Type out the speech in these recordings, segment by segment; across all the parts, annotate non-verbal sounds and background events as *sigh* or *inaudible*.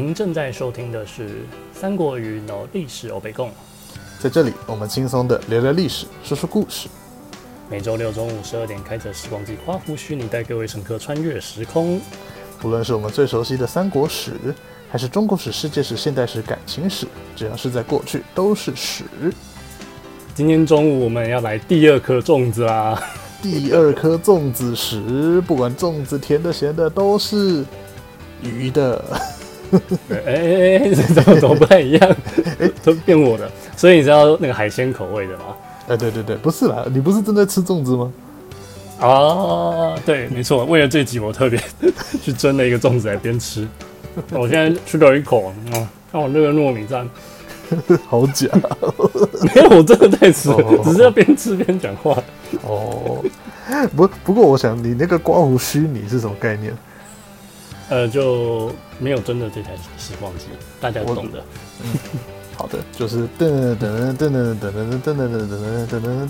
您正在收聽的是《三國瑜雲の歷史歐北共》。在這裡，我們輕鬆的聊聊歷史，說說故事。每周六中午十二點，開着時光機，花胡鬚你帶各位乘客穿越時空。不論是我們最熟悉的三國史，還是中國史、世界史、現代史、感情史，只要是在過去，都是史。今天中午我們要來第二顆粽子啦、啊！第二顆粽子史，不管粽子甜的鹹的，都是魚的。哎 *laughs* 哎、欸欸欸，怎麼怎麼不太一樣？哎，都變我的。所以你知道那個海鮮口味的嗎？哎、欸，對對對，不是啦，你不是正在吃粽子嗎？啊，對，沒錯。為了這集，我特別去蒸了一個粽子來邊吃。我現在吃到一口、啊，嗯、啊，看、啊、我那個糯米粘，好假、喔。 *laughs* 沒有，我真的在吃，喔、只是要邊吃邊講話。哦，不，不過我想你那個刮鬍鬚你是什麼概念？呃，就沒有真的這台時光機，大家懂的。懂的嗯、好的，就是噔噔噔噔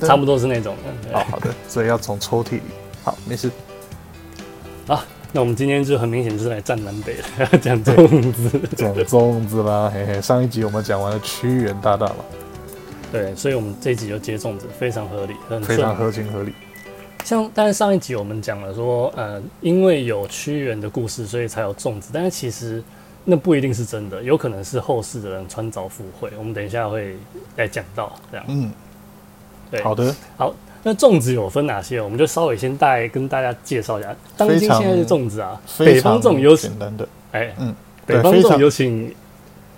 噔差不多是那種的。對，好，好的，所以要從抽屜裡。好，沒事。啊，那我們今天就很明顯是來戰南北的，講粽子，講粽子啦。嘿嘿，上一集我們講完了屈原大大，對，所以我們這一集就接粽子，非常合理，非常合情合理。像，但是上一集我們講了說，呃，因為有屈原的故事，所以才有粽子。但是其實那不一定是真的，有可能是後世的人穿鑿附會。我們等一下會來講到，這樣。嗯，對。好的，好。那粽子有分哪些？我們就稍微先帶跟大家介紹一下。當今現在的粽子啊，非常北方粽有簡單的，哎、欸嗯，嗯，北方粽有請，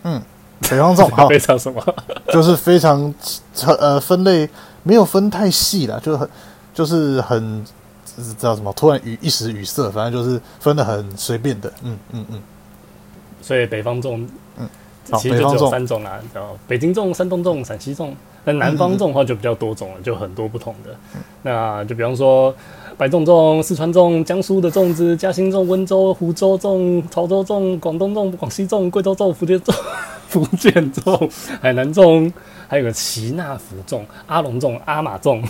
嗯，北方粽非常什麼？就是非常呃，分類沒有分太細啦，就很。就是很，知道什麼？突然語一時語塞，反正就是分得很隨便的，嗯嗯嗯。所以北方粽，嗯，其實就只有三種啦、啊，叫、啊、北，北京粽、山東粽、陝西粽，那南方粽的話就比較多種了嗯嗯嗯，就很多不同的。嗯、那就比方說，白粽粽、四川粽、江蘇的粽子、嘉興粽、溫州、湖州粽、潮州粽、廣東粽、廣西粽、貴州粽、福建粽、福建粽、海南粽，還有個齊納福粽、阿龍粽、阿馬粽。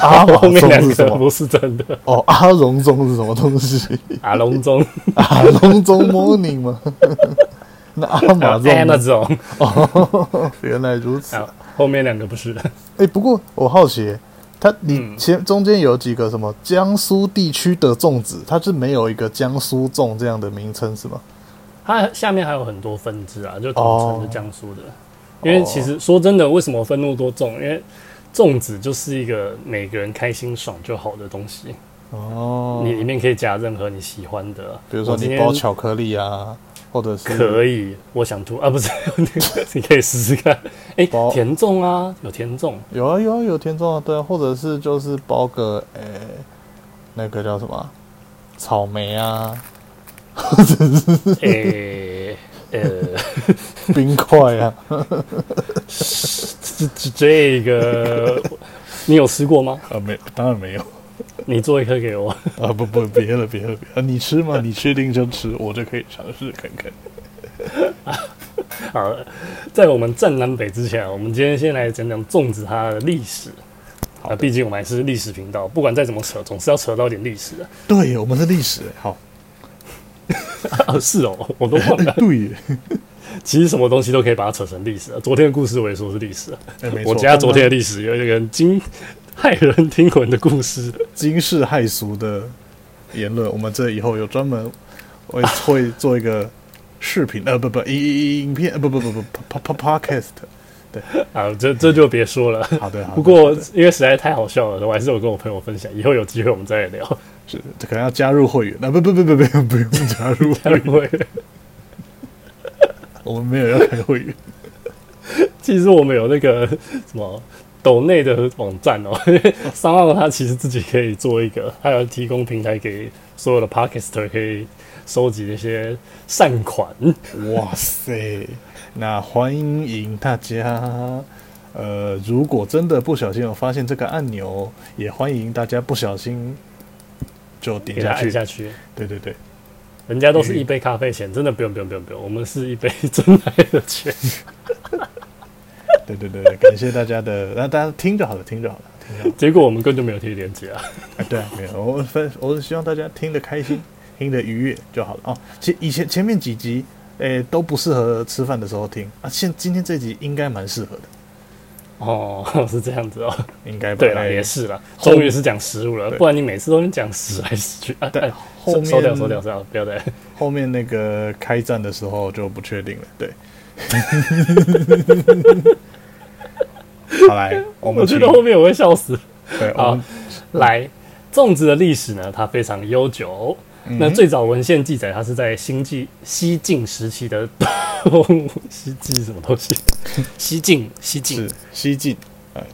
阿王粽不是真的哦，阿龍粽是什麼東西？阿龍粽，阿龍粽 morning 嗎？ *laughs* 那阿馬粽那種，原來如此。啊、後面兩個不是。哎、欸，不過我好奇、欸，它，你前中間有幾個什麼江蘇地區的粽子，它是沒有一個江蘇粽這樣的名稱是嗎？它下面還有很多分支啊，就統稱是江蘇的、哦。因為其實說真的，為什麼分那麼多種？因為粽子就是一個每個人開心爽就好的東西哦，你裡面可以加任何你喜歡的，比如說你包巧克力啊，或者是可以，我想塗啊，不是 *laughs* 你可以試試看，哎、欸，包甜粽啊，有甜粽，有啊有啊有甜粽啊，對啊，或者是就是包個、欸、那個叫什麼草莓啊，或者是誒冰塊塊啊。 *laughs* 這這個你有吃過嗎？啊，沒有，當然沒有。你做一顆給我啊？不不，別了，別了，別了啊！你吃嗎、啊？你確定就吃？我就可以嘗試看看。啊，好。在我們戰南北之前，我們今天先來講講粽子它的歷史。啊，畢竟我們還是歷史頻道，不管再怎麼扯，總是要扯到點歷史的。對，我們的歷史。好、啊啊啊，是哦，我都忘了。對。其實什麼東西都可以把它扯成歷史、啊。昨天的故事我也說是歷史、啊欸，我家昨天的歷史有一個驚駭人聽聞的故事、驚世駭俗的言論。 *laughs* 我們這以後有專門會會做一個視頻呃、啊啊、不不影影片、啊、不不不不， *laughs* 不，不，不 podcast，對啊，這這就別說了 *laughs* 好的，好的，不過因為實在太好笑了，我還是有跟我朋友分享，以後有機會我們再聊，是可能要加入會員啊，不不不不，不用不用加入會員。加入會員我們沒有要開會員，其實我們有那個什麼抖內的網站哦、喔，嘿嘿、啊、商號他其實自己可以做一個，他要提供平台給所有的 Podcaster 可以收集那些善款。哇塞，那歡迎大家，呃，如果真的不小心有發現這個按鈕，也歡迎大家不小心就點下去，下去，對對對。人家都是一杯咖啡錢，真的不用不用不用不用，我們是一杯珍奶的錢。 *laughs* *laughs* 對對對，感謝大家的，那大家聽就好了，聽就好了。結果我們根本就沒有貼連結 *laughs* 啊！對，沒有，我們分，我希望大家聽得開心，聽得愉悅就好了啊、哦。其實以前前面幾集，誒、欸，都不適合吃飯的時候聽啊。現今天這集應該蠻適合的。哦，是這樣子哦，應該對了，也是啦，終於是講食物了對對對，不然你每次都能講死來死去啊！對，哎、後面收掉收掉收掉，不要再後面那個開戰的時候就不確定了。對， *laughs* *laughs* 好來，我覺得後面我會笑死啊！對好 *laughs* 來，粽子的歷史呢，它非常悠久。嗯、那最早文獻記載，它是在新晉西晉時期的東西晉什麼東西？西晉西晉是西晉，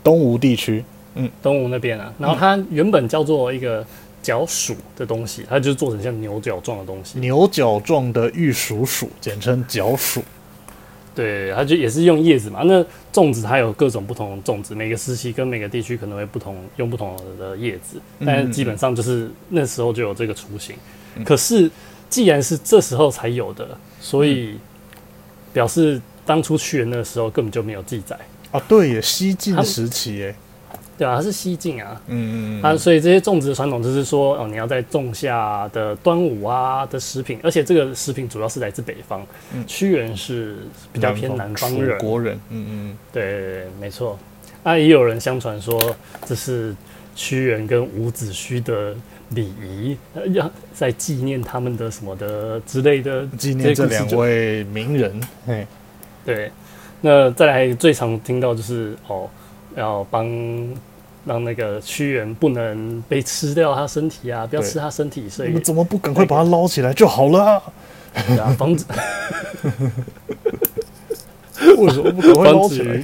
東吳地區，嗯，東吳那邊啊。然後它原本叫做一個角黍的東西，它就是做成像牛角狀的東西。牛角狀的玉黍黍，簡稱角黍。對，它就也是用葉子嘛。那粽子它有各種不同的粽子，每個時期跟每個地區可能會不同，用不同的葉子，但是基本上就是那時候就有這個雛形。可是，既然是這時候才有的，所以表示當初屈原的時候根本就沒有記載啊。對耶，西晉時期耶，對啊，它是西晉啊。嗯嗯嗯。啊、嗯，所以這些粽子的傳統就是說，哦，你要在仲夏的端午啊的食品，而且這個食品主要是來自北方。嗯、屈原是比較偏南方人，嗯嗯、楚國人。嗯嗯。對，沒錯。啊，也有人相傳說這是屈原跟伍子胥的。禮儀要在紀念他們的什麼的之類的，紀念這兩位名人。對，那再來最常聽到就是哦，要幫讓那個屈原不能被吃掉他身體啊，不要吃他身體，所以你們怎麼不趕快把他撈起來就好了？啊，防止、啊， *laughs* *laughs* 為什麼不趕快撈起來？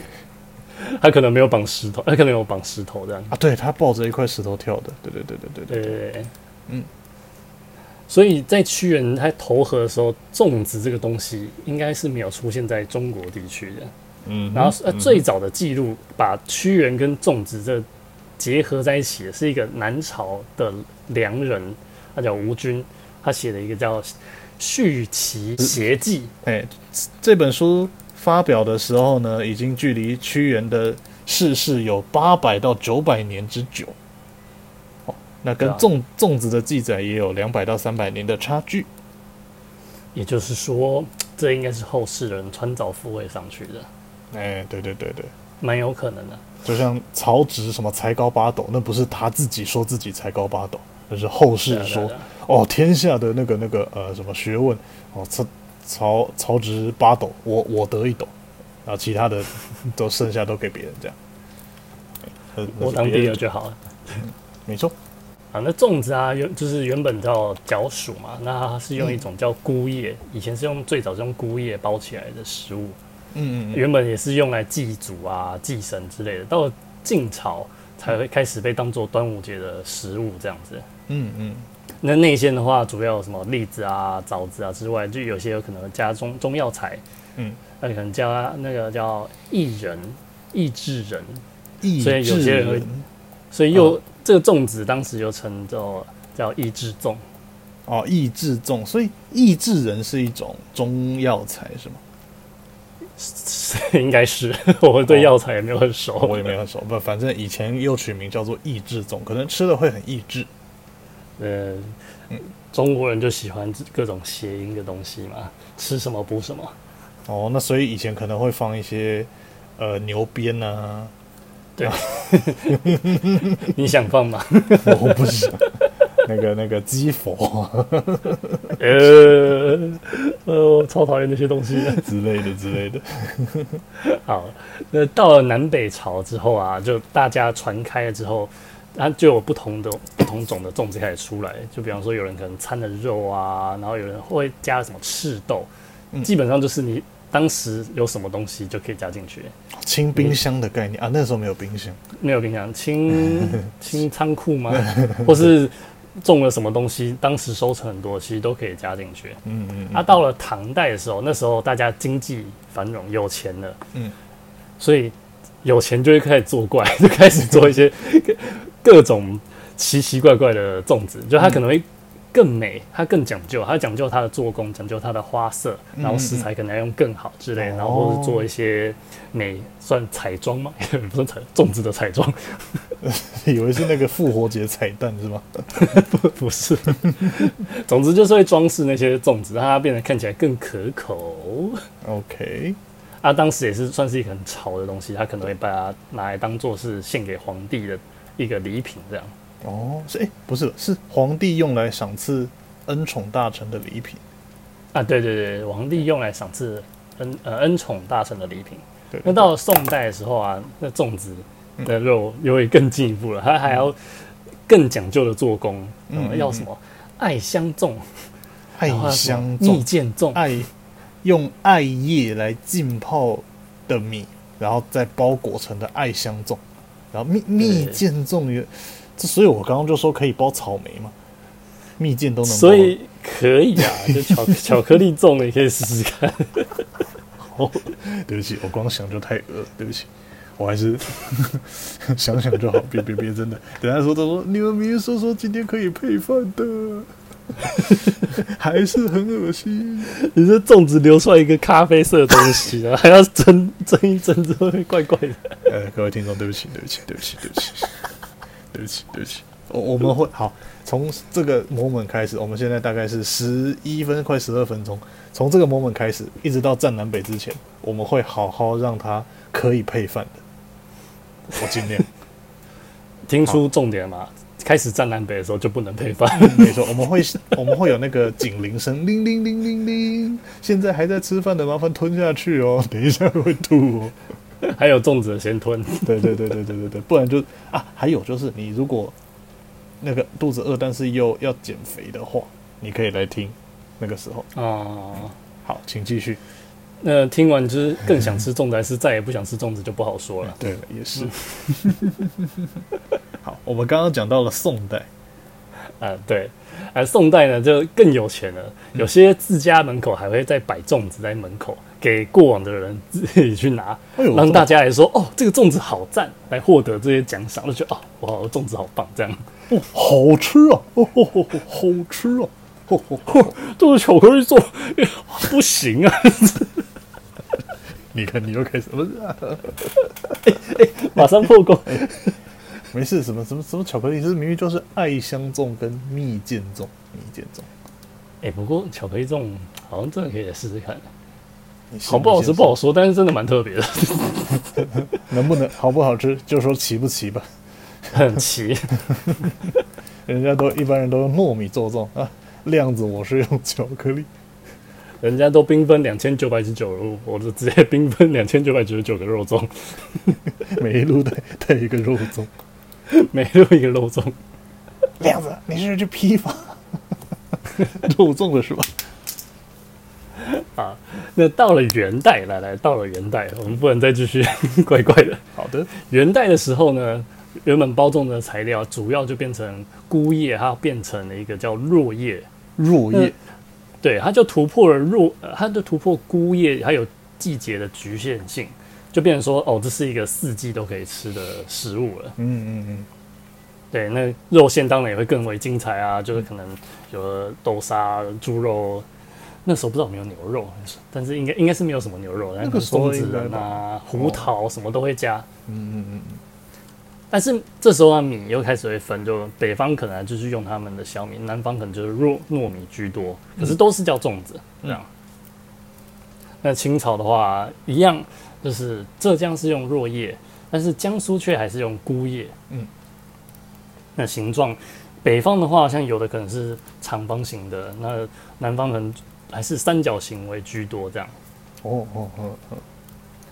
他可能沒有綁石頭，他可能有綁石頭這樣啊？對他抱着一塊石頭跳的，對對對對對對對對，對，對嗯。所以在屈原他投河的時候，粽子這個東西應該是沒有出現在中國地區的。嗯，然後呃，最早的記錄把屈原跟粽子這結合在一起的是一個南朝的梁人，他叫吳均，他寫的一個叫《續齊諧記》欸。哎，這本書。發表的時候呢，已經距離屈原的逝世有八百到九百年之久，哦，那跟粽，啊，粽子的記載也有兩百到三百年的差距。也就是說，這應該是後世人穿鑿附會上去的。哎，對對對對，蠻有可能的。就像曹植什麼才高八斗，那不是他自己說自己才高八斗，那是後世說，對啊對啊對啊，哦，天下的那個那個呃什麼學問哦這。曹曹植八斗，我我得一斗，然後其他的都剩下都給別人這樣 *laughs* 我當第二就好了，沒錯。啊，那粽子啊，原就是原本叫角黍嘛，那它是用一種叫菰葉、嗯，以前是用最早是用菰葉包起來的食物。嗯，嗯嗯，原本也是用來祭祖啊、祭神之類的，到了晉朝才會開始被當做端午節的食物這樣子。嗯嗯。那內餡的話，主要有什麼栗子啊、棗子啊之外，就有些有可能加中中藥材。嗯，那你可能加那個叫薏仁、益智仁、益智仁，所以，有些人會所以又、哦、這個粽子當時就稱作叫益智粽。哦，益智粽，所以益智仁是一種中藥材是嗎？是是應該是，我對藥材也沒有很熟、哦，我也沒有很熟。不，反正以前又取名叫做益智粽，可能吃了會很益智。呃，中國人就喜歡各種諧音的東西嘛，吃什麼補什麼。哦，那所以以前可能會放一些呃牛鞭吶、啊，對，啊、 *laughs* *laughs* 你想放嗎？我不想， *laughs* 那個那個雞佛 *laughs* 呃，呃呃，我超討厭那些東西之類的之類的。類的 *laughs* 好，那、呃、到了南北朝之後啊，就大家傳開了之後。它就有不同的不同種的粽子開始出來，就比方說有人可能摻了肉啊，然後有人會加什麼赤豆、嗯，基本上就是你當時有什麼東西就可以加進去。清冰箱的概念、嗯、啊，那時候沒有冰箱，沒有冰箱，清清倉庫嗎？ *laughs* 或是種了什麼東西，當時收成很多，其實都可以加進去。嗯嗯，嗯、啊。到了唐代的時候，那時候大家經濟繁榮，有錢了，嗯，所以有錢就會開始作怪，就開始做一些。 *laughs* 各種奇奇怪怪的粽子，就它可能會更美，它更講究，它講究它的做工，講究它的花色，然後食材可能要用更好之類的嗯嗯嗯，然後或是做一些美、哦、算彩妝嗎？ *laughs* 不是彩粽子的彩妝，以為是那個復活節彩蛋是嗎？不 *laughs* *laughs* 不是，總之就是會裝飾那些粽子，讓它變得看起來更可口。OK，啊，當時也是算是一個很潮的東西，它可能會把它拿來當做是獻給皇帝的。一個禮品這樣哦，是哎、欸，不是，是皇帝用來賞賜恩寵大臣的禮品啊！對對對，皇帝用來賞賜恩、嗯、呃恩寵大臣的禮品。那到了宋代的時候啊，那粽子的肉、嗯、又會更進一步了，它還要更講究的做工，嗯啊、要什麼艾香粽、艾香蜜餞粽，艾、用艾葉來浸泡的米，然後再包裹成的艾香粽。然後蜜蜜餞粽也，這所以我剛剛就說可以包草莓嘛，蜜餞都能包，所以可以啊， *laughs* 就巧 *laughs* 巧克力粽你可以試試看。哦， *laughs* 對不起，我光想就太餓，對不起，我還是 *laughs* 想想就好，別別別，真的。 *laughs* 等下說都說你們明明說說今天可以配飯的。 *laughs* 還是很噁心，你這粽子，流出來一個咖啡色的東西，啊， *laughs* 還要蒸蒸一蒸，這會怪怪的。呃、欸，各位聽眾，對不起，對不起，對不起，對不起，對不起，對不起，我我們會好從這個 moment 開始，我們現在大概是十一分快十二分鐘，從這個 moment 開始一直到戰南北之前，我們會好好讓它可以配飯的，我盡量 *laughs* 聽出重點嗎？開始戰南北的時候就不能配飯，沒錯，我們會 *laughs* 我們會有那個警鈴聲，鈴鈴鈴鈴鈴。現在還在吃飯的麻煩吞下去哦，等一下會吐，哦、還有粽子先吞，對對對對對對對，不然就啊，還有就是你如果那個肚子餓，但是又要減肥的話，你可以來聽那個時候啊、哦嗯。好，請繼續。那、呃、聽完就是更想吃粽子，還是再也不想吃粽子，就不好說了。嗯、對,對，也是。 *laughs* 好，我們剛剛講到了宋代，呃，對，而、呃、宋代呢就更有錢了、嗯，有些自家門口還會再擺粽子在門口，給過往的人自己去拿，哎、讓大家來說哦，這個粽子好讚，來獲得這些獎賞，就覺得哦，哇，粽子好棒，這樣，哦，好吃啊，哦，哦好吃啊，哦，啊、哦哦哦這是、個、巧克力做，不行啊。 *laughs* 你看，你又開始、 *laughs* 哎，不是？哎哎，馬上破功！哎、沒事，什麼什麼什麼巧克力？這是明明就是艾香粽跟蜜餞粽，蜜餞粽。哎，不過巧克力粽好像真的可以試試看心裡心裡，好不好吃不好說，但是真的蠻特別的。 *laughs* 能不能好不好吃，就說奇不奇吧。很奇。 *laughs* 人家都一般人都用糯米做粽啊，量子，我是用巧克力。人家都冰封兩千九百九十九，我直接冰封兩千九百九十九個肉粽、肉粽 *laughs* *laughs* 每一路帶帶一個肉粽， *laughs* 每一路一個肉粽。亮 *laughs* 子，你是就批發肉粽的是吧？啊，那到了元代，來來，到了元代，我們不能再繼續 *laughs* 怪怪的。好的，元代的時候呢，原本包粽的材料主要就變成菰葉，它變成了一個叫箬葉，箬葉。對，它就突破了肉，它、呃、就突破菇葉還有季節的局限性，就變成說，哦，這是一個四季都可以吃的食物了。嗯嗯嗯。對，那肉餡當然也會更為精彩啊，就是可能有豆沙、豬肉，那時候不知道有沒有牛肉，但是應該應該是沒有什麼牛肉，那個松子仁啊、哦、胡桃什麼都會加。嗯嗯嗯。但是這時候啊，米又開始會分，就北方可能就是用他們的小米，南方可能就是糯糯米居多，可是都是叫粽子、嗯、這樣。那清朝的話，一樣，就是浙江是用箬葉，但是江蘇卻還是用菰葉。嗯。那形狀，北方的話，像有的可能是長方形的，那南方可能還是三角形為居多這樣。哦哦哦哦。哦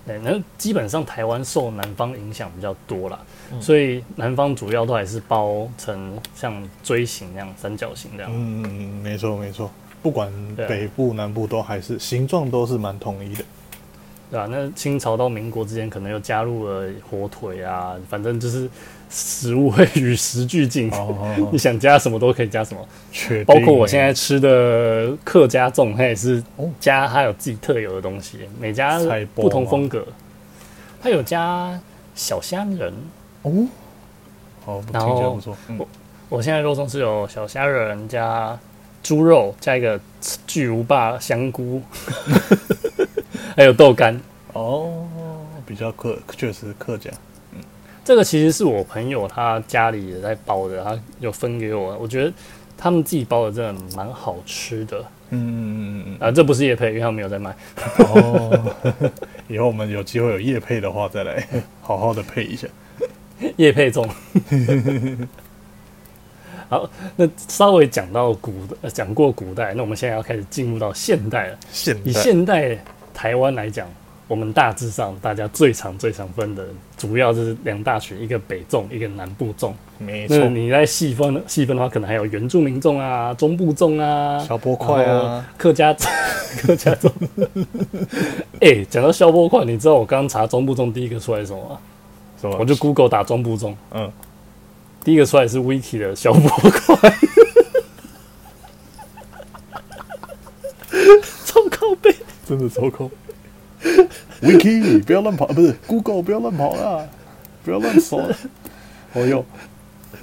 對,那基本上台灣受南方影響比較多啦，嗯,所以南方主要都還是包成像錐形那樣，三角形這樣。嗯嗯嗯,沒錯沒錯,不管北部南部都還是形狀都是蠻統一的。對啊，那清朝到民國之間，可能又加入了火腿啊，反正就是食物會與時俱進。Oh, oh, oh. *laughs* 你想加什麼都可以加什麼，包括我現在吃的客家粽，它也是加，它有自己特有的東西，哦、每家不同風格。它、啊、有加小蝦仁哦，哦，好不錯後、嗯、我我現在肉粽是有小蝦仁加豬肉加一個。巨無霸香菇， *laughs* 還有豆乾哦，比較客，確實客家。嗯，這個其實是我朋友他家裡也在包的，他有分給我，我覺得他們自己包的真的蠻好吃的。嗯嗯嗯啊，這不是業配，因為他們沒有在賣。哦， *laughs* 以後我們有機會有業配的話，再來好好的配一下業配粽。 *laughs* *laughs* 好，那稍微講到古，講、呃、過古代，那我們現在要開始進入到現代了。現代，以現代台灣來講，我們大致上大家最常、最常分的，主要就是兩大群，一個北粽，一個南部粽。沒錯。那你在細分、細分的話，可能還有原住民粽啊，中部粽啊，小波塊啊，啊，客家客家粽。哎、 *laughs* *laughs* *laughs* 欸，講到小波塊，你知道我剛剛查中部粽第一個出來什麼嗎？什麼？我就 Google 打中部粽，嗯。第一個出來是 Wiki 的小魔怪，哈哈哈！哈哈哈！超靠背悲笑，真的超靠背。Wiki *laughs* 不要亂跑，不是 Google 不要亂跑啊！不要亂說、啊，哎 *laughs* 呦，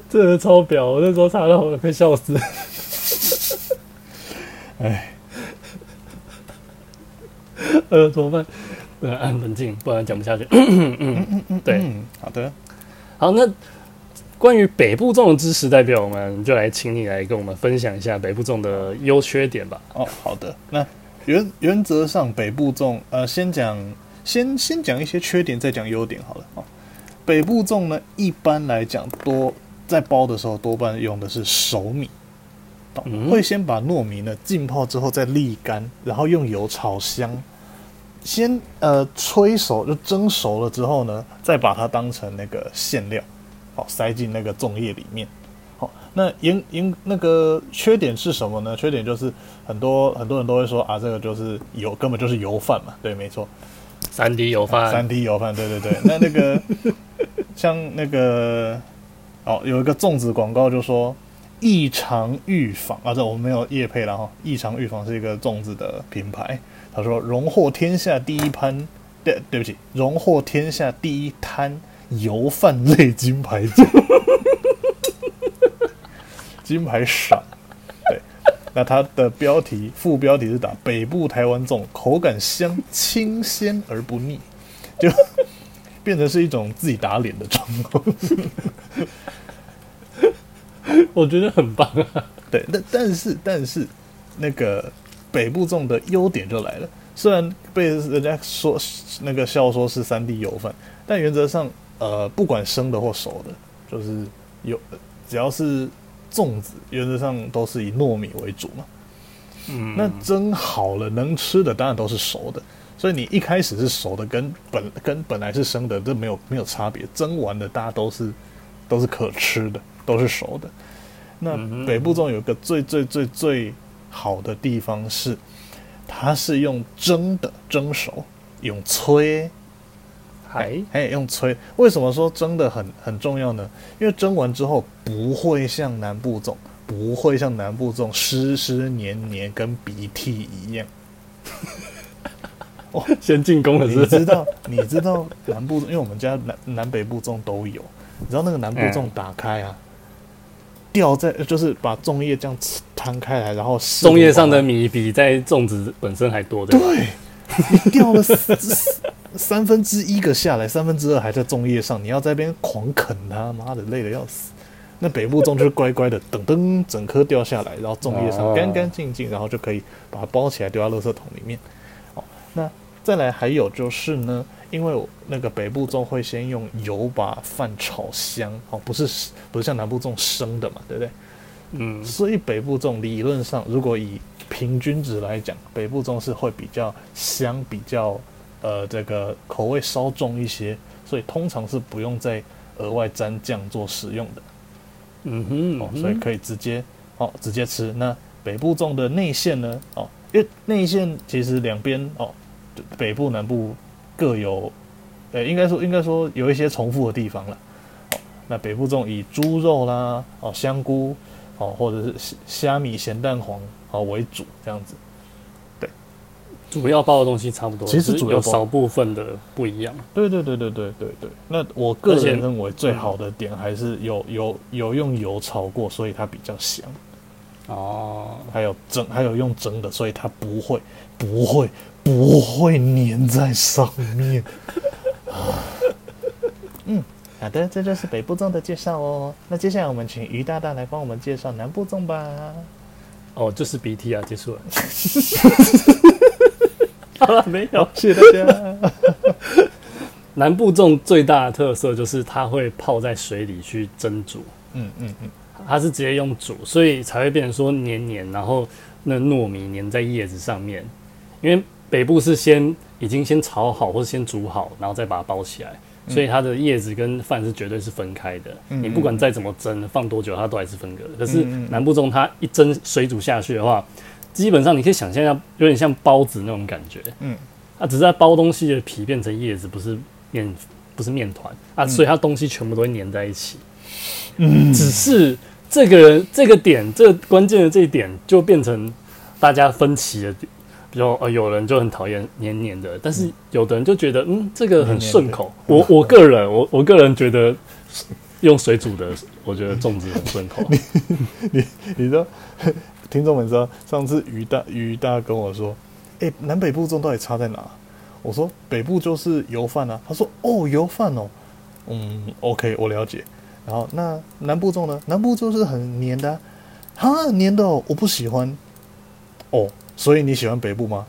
這人超屌！我那時候差點我都快笑死了。哎， *laughs* 呃，怎麼辦？按、嗯嗯、冷靜，不然講不下去。嗯嗯嗯嗯，對，好的，好那。關於北部粽的知識，代表我們就來請你來跟我們分享一下北部粽的優缺點吧。哦，好的。那原原則上，北部粽呃，先講先先講一些缺點，再講優點好了。哦、北部粽呢，一般來講多在包的時候多半用的是熟米，哦嗯、會先把糯米呢浸泡之後再瀝乾，然後用油炒香，先呃炊熟就蒸熟了之後呢，再把它當成那個餡料。好、哦，塞進那個粽葉裡面。好、哦，那營營那個缺點是什麼呢？缺點就是很多很多人都會說啊，這個就是油，根本就是油飯嘛。對，沒錯，3D 油飯，啊、3D 油飯，對對對。 *laughs* 那那個像那個，哦，有一個粽子廣告就說“異常預防”，啊，這我沒有業配了哈，“哦、異常預防”是一個粽子的品牌。他說榮獲天下第一噴，對，對不起，榮獲天下第一攤。油飯類金牌粽，金牌賞，對，那它的標題副標題是打北部台灣粽，口感香、清鮮而不膩，就變成是一種自己打臉的狀況。我覺得很棒啊！對，那但是但是那個北部粽的優點就來了，雖然被人家說那個笑說是三 D 油飯，但原則上，呃，不管生的或熟的，就是有只要是粽子，原則上都是以糯米為主嘛。嗯，那蒸好了能吃的當然都是熟的，所以你一開始是熟的，跟本跟本來是生的這沒有沒有差別。蒸完的大家都是都是可吃的，都是熟的。那北部粽有個最最最最好的地方是，它是用蒸的蒸熟，用炊。哎哎，用催？為什麼說蒸的很很重要呢？因為蒸完之後不會像南部粽，不會像南部粽濕濕黏黏跟鼻涕一樣。哦，先進攻了是不是，你知道？你知道南部粽？因為我們家南南北部粽都有。你知道那個南部粽打開啊，嗯、掉在就是把粽葉這樣攤開來，然後粽葉上的米比在粽子本身還多，對吧？對。 *laughs* 你掉了三分之一個下來，三分之二還在粽葉上，你要在那邊狂啃，啊，他媽的累得要死。那北部粽就是乖乖的噔噔整顆掉下來，然後粽葉上乾乾淨淨，然後就可以把它包起來丟到垃圾桶裡面。哦，那再來還有就是呢，因為那個北部粽會先用油把飯炒香，哦，不是不是像南部粽生的嘛，對不對？嗯，所以北部粽理論上如果以平均值來講，北部粽是會比較香，比較呃這個口味稍重一些，所以通常是不用再額外沾醬做食用的。嗯哼，嗯哼，哦，所以可以直接哦直接吃。那北部粽的內餡呢？哦，因為內餡其實兩邊哦，北部南部各有，呃、欸、應該說應該說有一些重複的地方了、哦。那北部粽以豬肉啦，哦香菇，哦，或者是蝦蝦米、鹹蛋黃、哦、為主這樣子，對，主要包的東西差不多，其實主要包、就是、有少部分的不一樣。對對對對對對對、對、對。那我、個人、我個人、個人認為最好的點還是有、嗯、有有用油炒過，所以它比較香。哦、啊，還有蒸，還有用蒸的，所以它不會不會不會粘在上面。 *laughs* 啊、嗯。好的，這就是北部粽的介紹哦。那接下來我們請瑜大大來幫我們介紹南部粽吧。哦，就是鼻涕啊，結束了。 *laughs* *laughs* 好了，沒有，謝謝大家。 *laughs* 南部粽最大的特色就是它會泡在水裡去蒸煮。嗯嗯嗯，它是直接用煮，所以才會變成說黏黏，然後那糯米黏在葉子上面。因為北部是先已經先炒好或是先煮好，然後再把它包起來。所以它的葉子跟飯是絕對是分開的，你不管再怎麼蒸、放多久，它都還是分隔的。可是南部粽，它一蒸水煮下去的話，基本上你可以想象，它有點像包子那種感覺。嗯，啊，只是在包東西的皮變成葉子，不是麵，不是麵團啊，所以它東西全部都會粘在一起。嗯，只是這個人這個點，這個、關鍵的這一點，就變成大家分歧的點。有有人就很討厭黏黏的，但是有的人就覺得嗯，這個很順口。黏黏我我個人我我個人覺得用水煮的， *laughs* 我覺得粽子很順口。 *laughs* 你你你知道聽眾們知道，上次瑜大瑜大跟我說，哎、欸，南北部粽到底差在哪？我說北部就是油飯啊，他說哦油飯哦，嗯，OK 我了解。然後那南部粽呢？南部就是很黏的，啊，哈很黏的，哦，我不喜歡，哦。所以你喜歡北部嗎？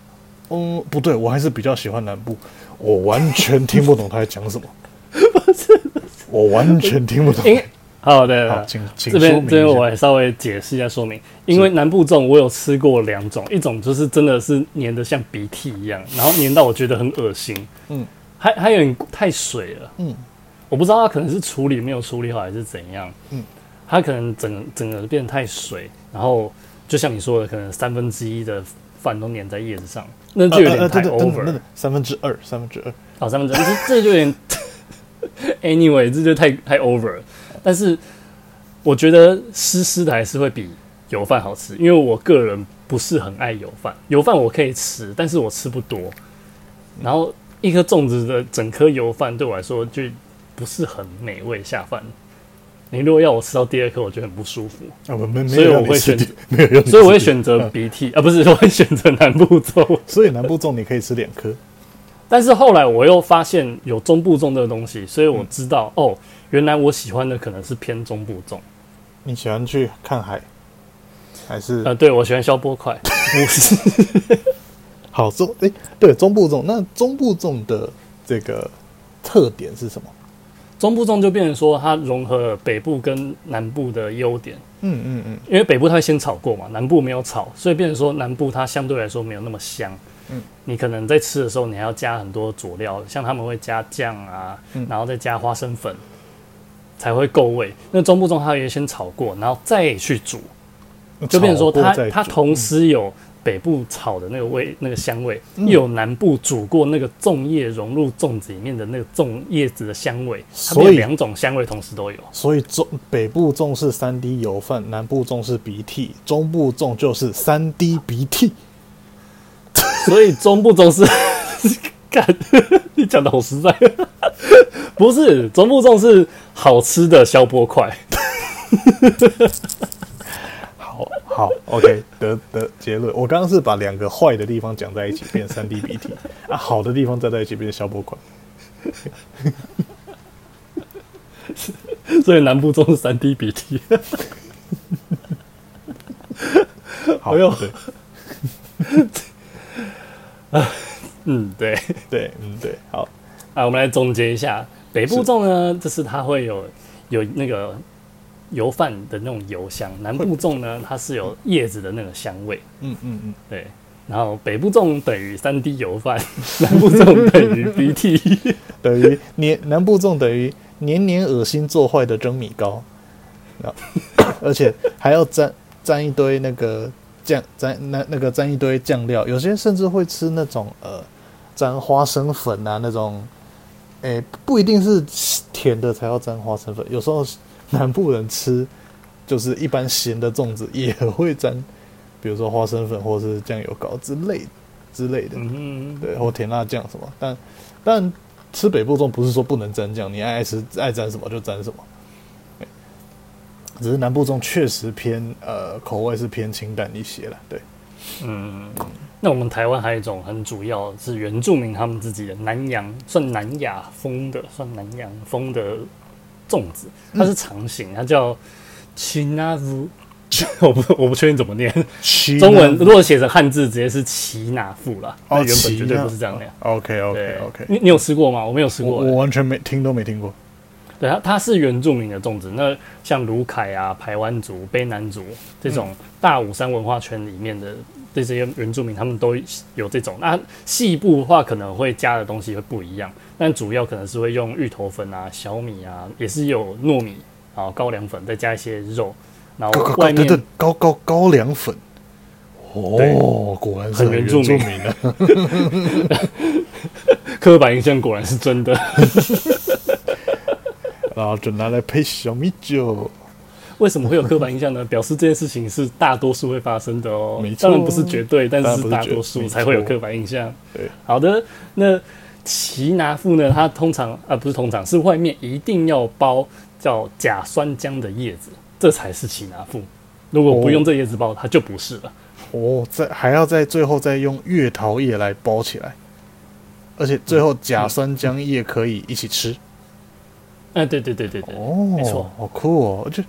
嗯，不對，我還是比較喜歡南部。我完全聽不懂他在講什麼 *laughs* 不。不是，我完全聽不懂。In, 好的，好，請這邊請這邊這邊，我還稍微解釋一下說明。因為南部粽我有吃過兩種，一種就是真的是黏得像鼻涕一樣，然後黏到我覺得很噁心。嗯， *laughs* 還還有點太水了。嗯，我不知道它可能是處理沒有處理好還是怎樣。嗯，它可能整整個變得太水，然後。就像你說的，可能三分之一的飯都粘在葉子上，那就有點太 over 了、啊啊啊對對對對對對。三分之二，三分之二好、哦、三分之二， *laughs* 這,這就有點 anyway，這就太太 over 了。但是我覺得濕濕的還是會比油飯好吃，因為我個人不是很愛油飯。油飯我可以吃，但是我吃不多。然後一顆粽子的整顆油飯對我來說就不是很美味下飯。你如果要我吃到第二顆，我覺得很不舒服啊，沒沒，所以我會選沒有用，所以我會選擇鼻涕啊，不是，我會選擇南部粽。所以南部粽你可以吃兩顆，但是後來我又發現有中部粽這個東西，所以我知道、嗯、哦，原來我喜歡的可能是偏中部粽。你喜歡去看海，還是啊、呃？對，我喜歡消波塊， *laughs* *laughs* 好重誒、欸，對，中部粽，那中部粽的這個特點是什麼？中部粽就變成說，它融合了北部跟南部的優點。嗯嗯嗯，因為北部它會先炒過嘛，南部沒有炒，所以變成說南部它相對來說沒有那麼香。嗯，你可能在吃的時候，你還要加很多佐料，像他們會加醬啊，然後再加花生粉，嗯、才會夠味。那中部粽它也先炒過，然後再去煮，就變成說它它同時有。北部炒的那個味，那個香味，嗯、又有南部煮過那個粽葉融入粽子裡面的那個粽葉子的香味，所以兩種香味同時都有。所以，所以中北部粽是 3D 油飯，南部粽是鼻涕，中部粽就是 3D 鼻涕。所以中部粽是， *laughs* 幹 *laughs* 你講的好實在，不是中部粽是好吃的，消波塊。好，OK，得得結論。我剛剛是把兩個壞的地方講在一起變三 D 鼻涕啊，好的地方再在一起變消波塊。 *laughs* 所以南部粽是三 D 鼻涕。 *laughs* 好喲 okay、 *laughs* 啊。嗯，對對嗯對，好。啊，我們來總結一下，北部粽呢，就是它會有有那個。油飯的那種油香，南部粽呢，它是有葉子的那個香味。嗯嗯嗯，對。然後北部粽等於三 D 油飯，嗯嗯，南部粽等於鼻涕，等於年南部粽等於 *laughs* 年年噁心做壞的蒸米糕啊！ *laughs* 而且還要沾沾一堆那個醬，沾那那個沾一堆醬料，有些人甚至會吃那種呃沾花生粉啊那種。誒、欸，不一定是甜的才要沾花生粉，有時候。南部人吃，就是一般鹹的粽子也會沾，比如說花生粉或是醬油膏之類之類的，類的嗯，嗯，對，或甜辣醬什麼。但但吃北部粽不是說不能沾醬，你愛，愛吃愛沾什麼就沾什麼。只是南部粽確實偏呃口味是偏清淡一些了，對嗯。嗯，那我們台灣還有一種很主要是原住民他們自己的南洋，算南亞風的，算南洋風的。粽子它是長形、嗯，它叫奇、嗯、那夫。 *laughs* 我不我不確定怎麼念中文，如果寫成漢字，直接是奇那夫了。哦，那原本絕對不是這樣呀、哦。OK OK OK，你你有吃過嗎？我沒有吃過我，我完全沒聽都沒聽過。對啊，它是原住民的粽子。那像魯凱啊、排灣族、卑南族、嗯、這種大武山文化圈裡面的。對，這些原住民他們都有這種，那細部的話可能會加的東西會不一樣，但主要可能是會用芋頭粉啊、小米啊，也是有糯米，然後高粱粉，再加一些肉，然後外面高高對對對高粱粉。哦，果然是原住民的，民的 *laughs* *laughs* 刻板印象果然是真的。 *laughs* *laughs* 然後就拿來配小米酒。為什麼會有刻板印象呢？ *laughs* 表示這件事情是大多數會發生的哦。沒錯，當然不是絕對，但是，是大多數才會有刻板印象。對，好的。那奇拿富呢？它通常啊，不是通常，是外面一定要包叫假酸漿的葉子，這才是奇拿富。如果不用這葉子包，哦，它就不是了。哦，再還要在最後再用月桃葉來包起來，而且最後假酸漿葉可以一起吃。哎、嗯，嗯啊、對，對對對對對，哦，沒錯，好酷哦，就。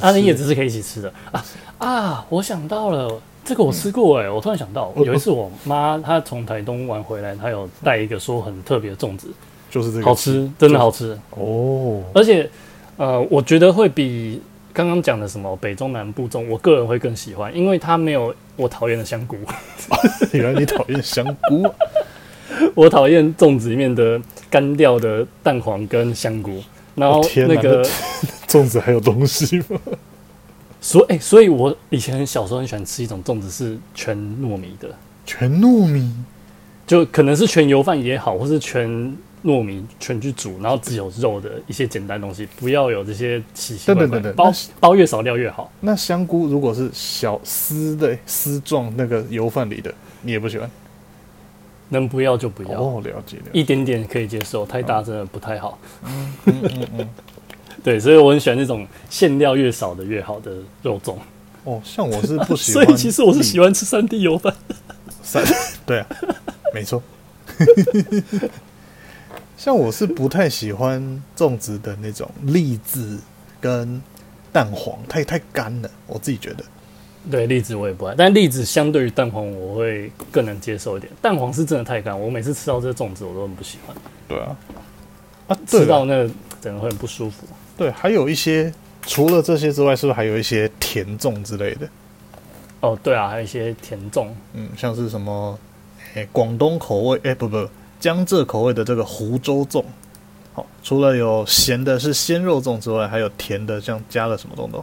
它的葉子是可以一起吃的啊啊！我想到了這個，我吃過哎、欸，我突然想到、嗯、有一次我媽她從台東玩回來，她有帶一個說很特別的粽子，就是這個好吃，真的好吃、就是、哦。而且呃，我覺得會比剛剛講的什麼北中南部粽，我個人會更喜歡，因為它沒有我討厭的香菇。原 *laughs* 來你討厭香菇， *laughs* 我討厭粽子裡面的乾掉的蛋黃跟香菇，然後那個。哦粽子還有東西嗎？所以，欸、所以，我以前小時候很喜歡吃一種粽子，是全糯米的，全糯米，就可能是全油飯也好，或是全糯米全去煮，然後只有肉的一些簡單東西，不要有這些奇奇怪怪，包包越少料越好。那香菇如果是小絲的絲狀，那個油飯裡的你也不喜歡，能不要就不要，哦、了解了解，一點點可以接受，太大真的不太好。嗯嗯嗯嗯。嗯嗯 *laughs* 對，所以我很喜歡那種餡料越少的越好的肉粽。哦，像我是不喜歡， *laughs* 所以其實我是喜歡吃 3D 油飯。三對啊， *laughs* 沒錯錯。 *laughs* 像我是不太喜歡粽子的那種栗子跟蛋黃，太太乾了，我自己覺得。對栗子我也不愛，但栗子相對於蛋黃我會更能接受一點。蛋黃是真的太乾，我每次吃到這個粽子我都很不喜歡。對啊，啊吃到那個整個會很不舒服。對，還有一些除了這些之外，是不是還有一些甜粽之類的？哦，對啊，還有一些甜粽，嗯，像是什麼，哎，廣東口味，哎，不不不，江浙口味的這個湖州粽。好、哦，除了有鹹的是鮮肉粽之外，還有甜的，像加了什麼東東，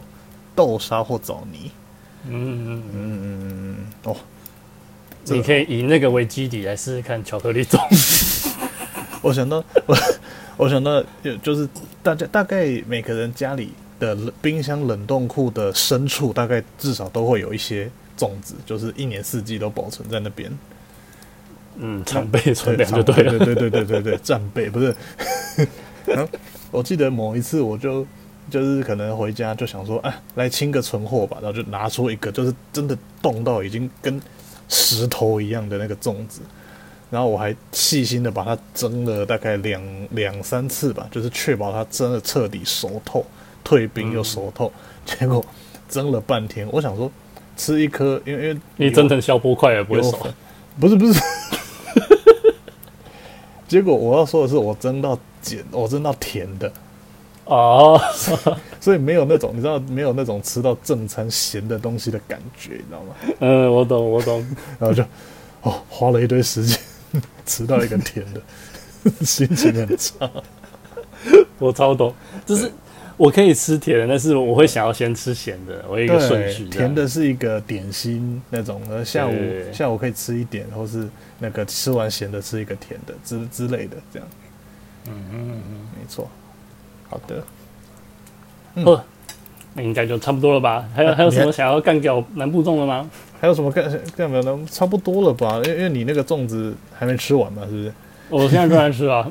豆沙或棗泥。嗯嗯嗯嗯嗯嗯，哦，你可以、這個、以那個為基底來試試看巧克力粽。 *laughs* 我想到我。 *laughs* 我想到，就就是大家大概每個人家裡的冰箱冷凍庫的深處，大概至少都會有一些粽子，就是一年四季都保存在那邊。嗯，常備、常備就對了。對對對對對對， *laughs* 戰備不是。 *laughs* 然後我記得某一次，我就就是可能回家就想說，哎、啊，來清個存貨吧，然後就拿出一個，就是真的凍到已經跟石頭一樣的那個粽子。然後我還細心的把它蒸了大概兩兩三次吧，就是確保它蒸的徹底熟透，退冰又熟透。嗯。結果蒸了半天，我想說吃一顆，因為因為你蒸成小波塊也不會熟，不是不是。 *laughs* 結果我要說的是，我蒸到鹼，我蒸到甜的哦，所以沒有那種你知道沒有那種吃到正餐鹹的東西的感覺，你知道嗎？嗯，我懂我懂。然後就哦，花了一堆時間。吃到一個甜的， *laughs* 心情很差。我超懂，就是我可以吃甜的，但是我會想要先吃鹹的，我有一個順序。甜的是一個點心那種，然後下午，對對對，下午可以吃一點，或是那個吃完鹹的吃一個甜的之之類的，這樣。嗯嗯嗯，沒錯。好的。哦、嗯，那應該就差不多了吧？還有還有什麼想要幹掉南部粽的嗎？還有什麼更更沒有呢？差不多了吧，因為因為你那個粽子還沒吃完嘛，是不是？我現在正在吃啊。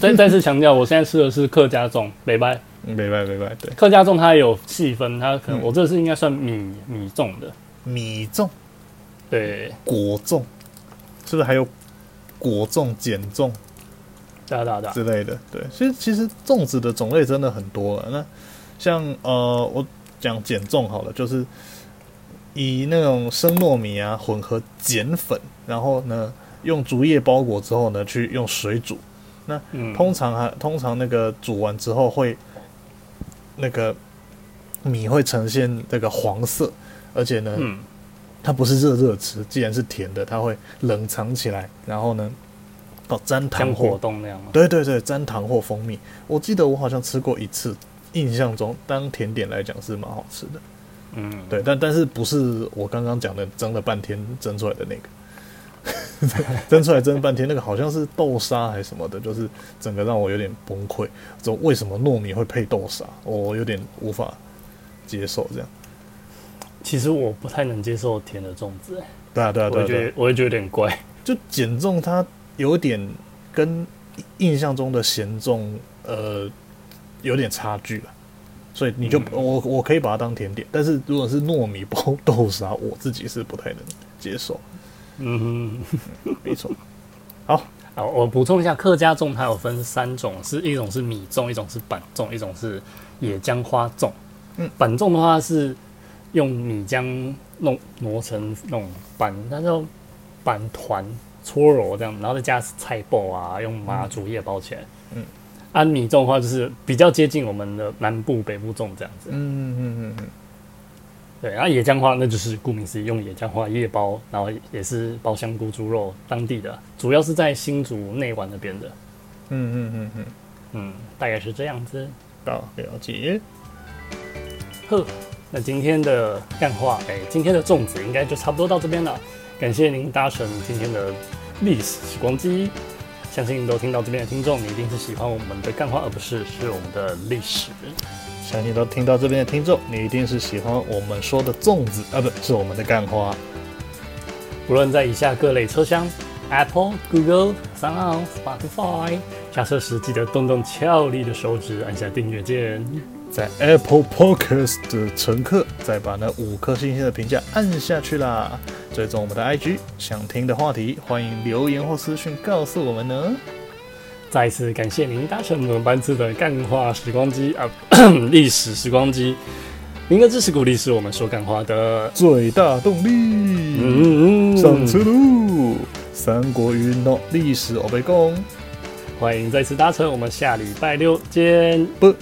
再再次強調，我現在吃的是客家粽。明白？明、嗯、白，明白。對，客家粽它也有細分，它可能，嗯、我這是應該算米米粽的。米粽？對。果粽？是不是還有果粽、鹼粽、大大大之類的？對。其實其實粽子的種類真的很多了。那像呃，我講鹼粽好了，就是。以那種生糯米啊，混合鹼粉，然後呢，用竹葉包裹之後呢，去用水煮。那、嗯、通常啊，通常那個煮完之後會，那個米會呈現這個黃色，而且呢，嗯、它不是熱熱吃，既然是甜的，它會冷藏起來，然後呢，哦，沾糖或果凍那樣、啊。對對對，沾糖或蜂蜜。我記得我好像吃過一次，印象中當甜點來講是蠻好吃的。嗯，嗯，對，但但是不是我剛剛講的蒸了半天蒸出來的那個， *laughs* 蒸出來蒸了半天 *laughs* 那個好像是豆沙還是什麼的，就是整個讓我有點崩潰。就為什麼糯米會配豆沙？我有點無法接受這樣。其實我不太能接受甜的粽子。對啊，對啊，我也覺得，我也覺得有點怪。就鹹粽它有點跟印象中的鹹粽呃有點差距了。所以你就、嗯、我我可以把它當甜點，但是如果是糯米包豆沙，我自己是不太能接受。嗯，沒 *laughs* 錯。好，啊，我補充一下，客家粽它有分三種，是一種是米粽，一種是板粽，一種是野薑花粽。嗯，板粽的話是用米漿弄磨成那種板，它是板糰搓揉這樣，然後再加菜脯啊，用麻竹葉包起來。嗯。嗯安、啊、米粽的話，就是比較接近我們的南部、北部粽這樣子。嗯嗯嗯嗯。對，然、啊、後野薑花那就是顧名思義，用野薑花葉包，然後也是包香菇、豬肉，當地的，主要是在新竹內灣那邊的。嗯嗯嗯嗯嗯，大概是這樣子。到了解。呵，那今天的幹話，哎、欸，今天的粽子應該就差不多到這邊了。感謝您搭乘今天的歷史時光機。相信都聽到這邊的聽眾，你一定是喜歡我們的幹話，而不是是我們的歷史。相信都聽到這邊的聽眾，你一定是喜歡我們說的粽子，而不是,是我們的幹話。不論在以下各類車廂，Apple、Google、SoundOn Spotify，下車時記得動動俏麗的手指，按下訂閱鍵。在 Apple Podcast 的乘客，再把那五顆星星的評價按下去啦！追蹤我們的 IG，想聽的話題，歡迎留言或私信告訴我們呢。再次感謝您搭乘我們班次的幹話時光機啊，歷史時光機！您的支持鼓勵是我們說幹話的最大動力。嗯，嗯，嗯，上車嘍！三國瑜雲の歷史歐北共，歡迎再次搭乘，我們下禮拜六見不？